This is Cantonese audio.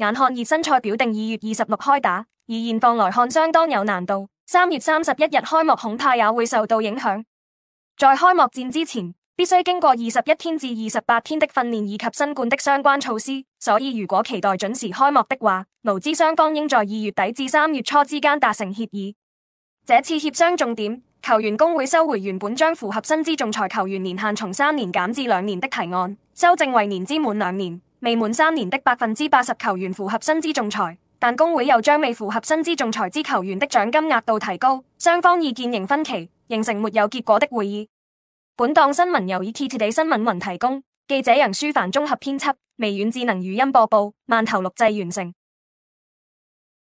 眼看熱身賽表定二月二十六開打，而現況來看相當有難度。三月三十一日開幕恐怕也會受到影響。在開幕戰之前，必須經過二十一天至二十八天的訓練以及新冠的相關措施。所以如果期待準時開幕的話，勞資雙方應在二月底至三月初之間達成協議。這次協商重點，球員工會收回原本將符合薪資仲裁球員年限從三年減至兩年的提案，修正為年資滿兩年未滿三年的百分之八十球員符合薪資仲裁，但工會又將未符合薪資仲裁之球員的獎金額度提高，雙方意見仍分歧，形成沒有結果的會議。本檔新聞由 ETtoday 新聞雲提供，記者楊舒凡綜合編輯，微軟智能語音播報，曼頭錄製完成。